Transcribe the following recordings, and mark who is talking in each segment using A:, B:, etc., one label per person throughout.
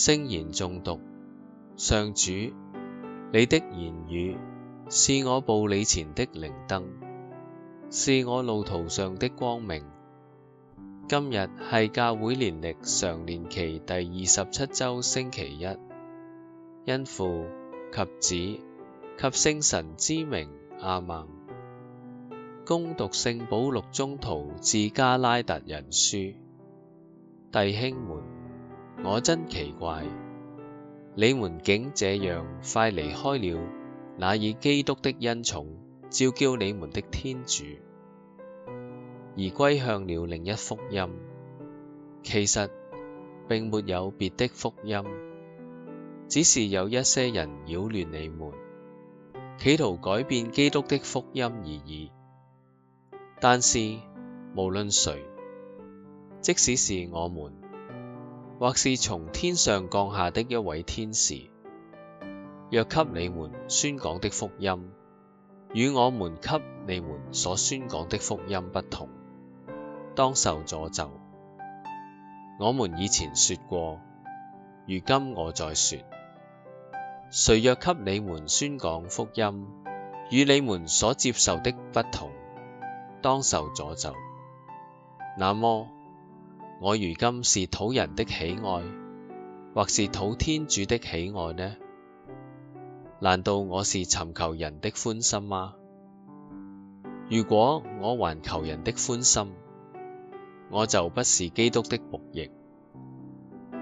A: 聲言中毒。上主，你的言語是我步你前的靈燈，是我路途上的光明。今日係教會年曆常年期第二十七周星期一，因父及子及聖神之名阿孟。恭讀聖保祿宗徒致加拉達人書，弟兄們。我真奇怪，你們竟這樣快離開了那以基督的恩寵召叫你們的天主，而歸向了另一福音。其實並沒有別的福音，只是有一些人擾亂你們，企圖改變基督的福音而已。但是，無論誰，即使是我們。或是從天上降下的一位天使，若給你們宣講的福音與我們給你們所宣講的福音不同，當受詛咒。我們以前說過，如今我再說，誰若給你們宣講福音與你們所接受的不同，當受詛咒。那麼。我如今是討人的喜愛，或是討天主的喜愛呢？難道我是尋求人的歡心嗎？如果我還求人的歡心，我就不是基督的僕役。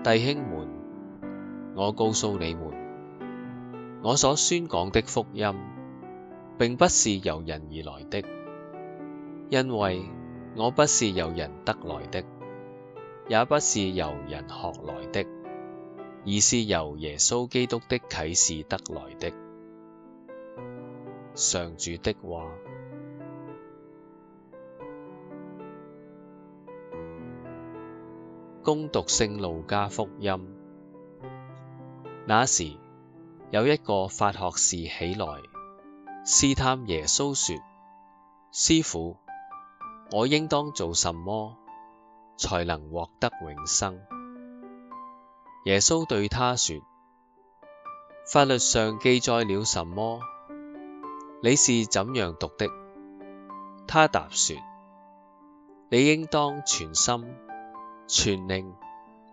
A: 弟兄們，我告訴你們，我所宣講的福音，並不是由人而來的，因為我不是由人得來的。也不是由人學來的，而是由耶穌基督的啟示得來的。上主的話，恭讀聖路加福音。那時，有一個法學士起來，試探耶穌，說：師傅，我應當做什麼？才能獲得永生？耶穌對他說：法律上記載了什麼？你是怎樣讀的？他答說：你應當全心、全靈、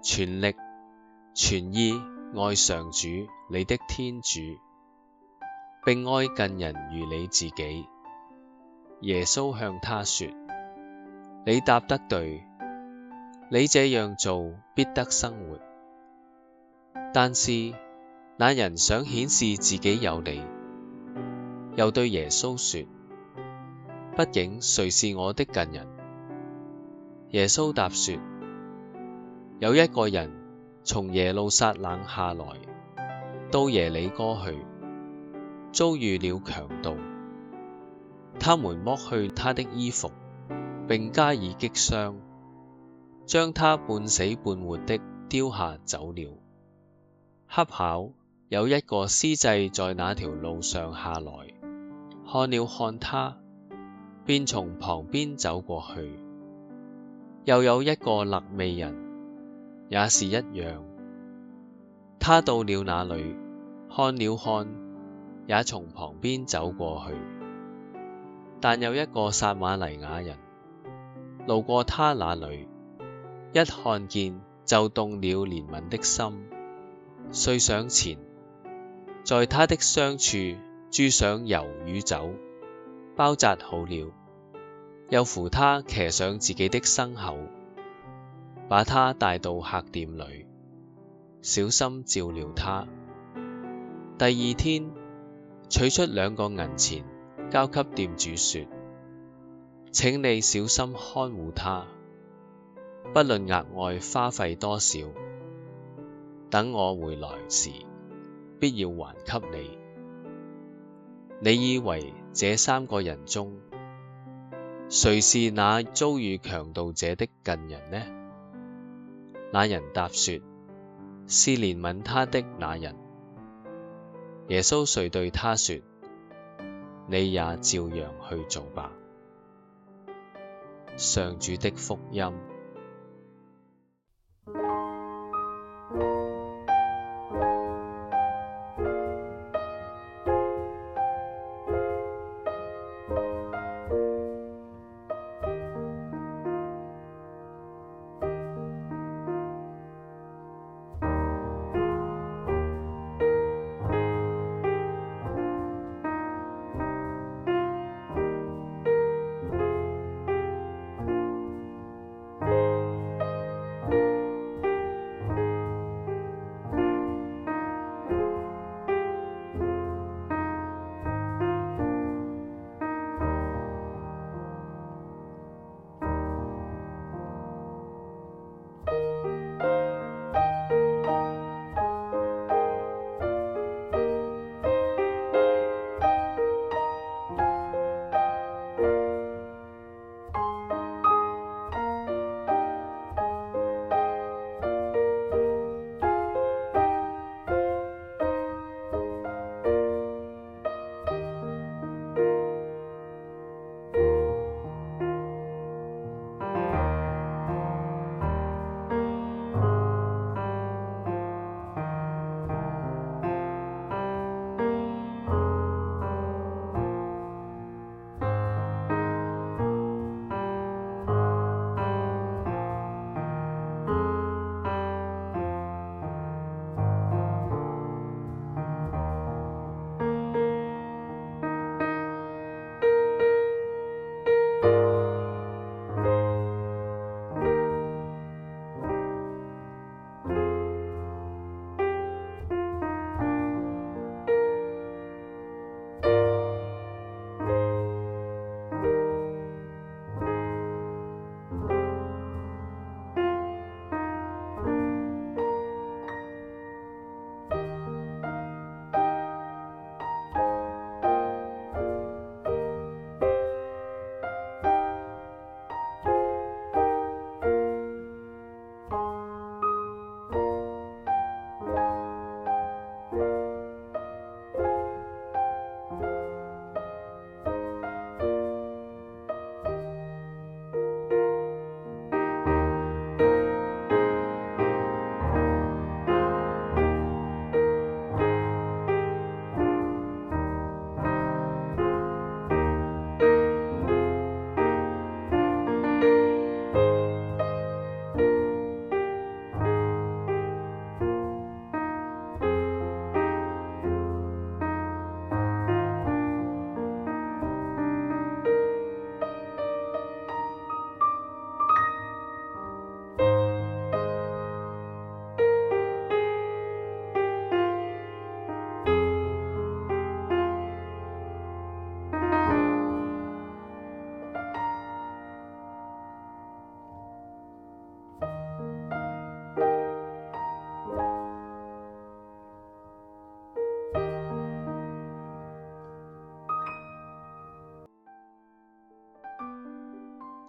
A: 全力、全意愛上主，你的天主，並愛近人如你自己。耶穌向他說：你答得對。你這樣做，必得生活。但是，那人想顯示自己有理，又對耶穌說：畢竟誰是我的近人？耶穌答說：有一個人從耶路撒冷下來到耶里哥去，遭遇了強盜，他們剝去他的衣服，並加以擊傷。將他半死半活的丟下走了。恰巧有一個司祭在那條路上下來，看了看他，便從旁邊走過去。又有一個肋未人，也是一樣。他到了那裏，看了看，也從旁邊走過去。但有一個撒瑪黎雅人，路過他那裏。一看見就動了憐憫的心，遂上前在他的傷處注上油與酒，包紮好了，又扶他騎上自己的牲口，把他帶到客店裏，小心照料他。第二天取出兩個銀錢，交給店主說：請你小心看護他。不論額外花費多少，等我回來時，必要還給你。你以為這三個人中，誰是那遭遇強盜者的近人呢？那人答說：是憐憫他的那人。耶穌遂對他說：你也照樣去做吧。上主的福音。